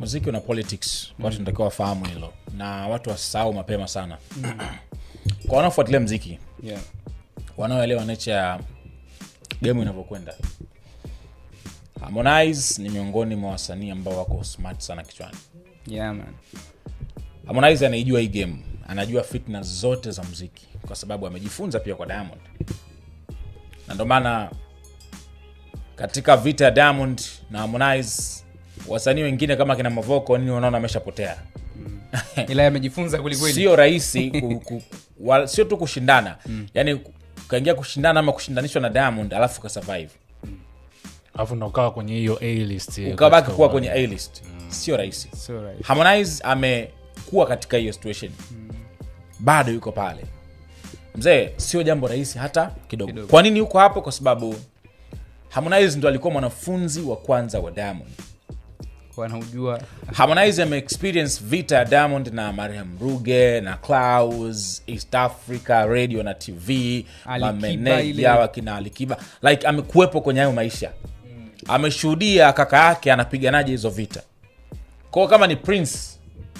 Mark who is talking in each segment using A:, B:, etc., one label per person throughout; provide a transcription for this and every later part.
A: muziki una politics, watu mm. natakiwa wafahamu hilo na watu wasahau mapema sana mm. kwa wanaofuatilia mziki yeah. wanaoelewa nech ya gemu inavyokwenda. Harmonize ni miongoni mwa wasanii ambao wako smart sana kichwani. yeah, Harmonize anaijua hii game, anajua fitna zote za mziki kwa sababu amejifunza pia kwa Diamond, na ndio maana katika vita ya Diamond na Harmonize wasanii wengine kama kina Mavoko nini wanaona ameshapotea. Mm.
B: Ila amejifunza kweli
A: Sio rahisi sio tu kushindana. Mm. yani ukaingia kushindana ama kushindanishwa na Diamond alafu ukasurvive
B: Alafu na ukawa kwenye hiyo A list.
A: Ukabaki kuwa kwenye A list. Mm. Sio rahisi. Sio Harmonize amekuwa katika hiyo situation. Mm. Bado yuko pale. Mzee, sio jambo rahisi hata kidogo. Kidogo. Kwa nini yuko hapo? Kwa sababu Harmonize ndo alikuwa mwanafunzi wa kwanza wa Diamond. mm
B: wanaujua.
A: Harmonize experience vita ya Diamond na marehemu Ruge na clous East Africa radio na TV, mameneja wakina Alikiba, like amekuwepo kwenye hayo maisha mm. Ameshuhudia kaka yake anapiganaje hizo vita kwao, kama ni Prince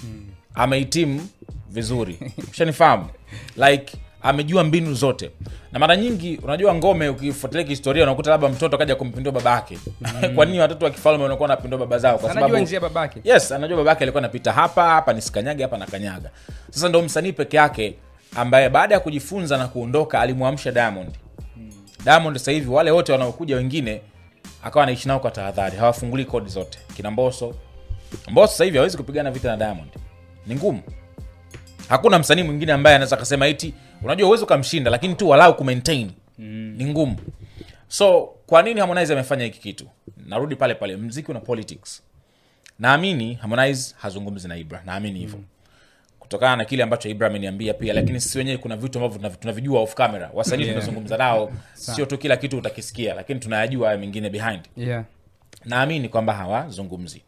A: mm. amehitimu vizuri, shanifahamu like amejua mbinu zote, na mara nyingi unajua ngome, ukifuatilia kihistoria unakuta labda mtoto akaja kumpindua baba yake mm. kwa nini watoto wa kifalme wanakuwa wanapindua baba zao? Kwa
B: sababu anajua njia babake.
A: Yes, anajua babake alikuwa anapita hapa hapa, ni sikanyage hapa na kanyaga. Sasa ndio msanii peke yake ambaye baada ya kujifunza na kuondoka alimwamsha Diamond mm. Diamond sasa hivi wale wote wanaokuja wengine akawa anaishi nao kwa tahadhari, hawafunguli kodi zote. Kina mboso mboso sasa hivi hawezi kupigana vita na Diamond, ni ngumu. Hakuna msanii mwingine ambaye anaweza akasema eti Unajua uwezi ukamshinda, lakini tu walau ku mm. ni ngumu. So kwa nini Harmonize amefanya hiki kitu? Narudi pale pale, mziki una politics. Naamini Harmonize hazungumzi na Ibra, naamini hivyo mm. kutokana na kile ambacho Ibra ameniambia pia, lakini sisi wenyewe kuna vitu ambavyo tunavijua off camera, wasanii yeah. tunazungumza nao sio tu kila kitu utakisikia, lakini tunayajua haya mengine behind yeah. naamini kwamba hawazungumzi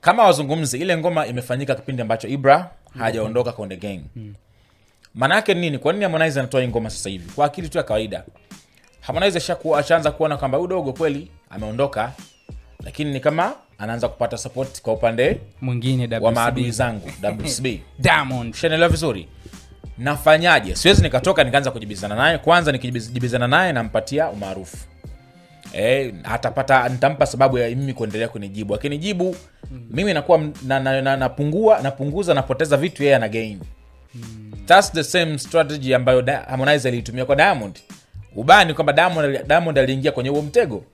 A: kama wazungumzi. Ile ngoma imefanyika kipindi ambacho Ibra mm. hajaondoka Konde Gang mm. Maana yake nini? Kwa nini Harmonize anatoa hii ngoma sasa hivi? Kwa akili tu ya kawaida. Harmonize ashaanza kuona kwamba udogo kweli ameondoka, lakini ni kama anaanza kupata support kwa upande
B: mwingine wa
A: maadui zangu WCB.
B: Diamond.
A: Shanaelewa vizuri. Nafanyaje? Siwezi nikatoka nikaanza kujibizana naye. Kwanza nikijibizana naye nampatia umaarufu. Eh, atapata nitampa sababu ya mimi kuendelea kunijibu. Akinijibu mm. mimi nakuwa na, napungua, napunguza, napoteza vitu, yeye ana gain. That's the same strategy ambayo Harmonize alitumia kwa Diamond. Ubani kwamba Diamond, Diamond aliingia kwenye huo mtego.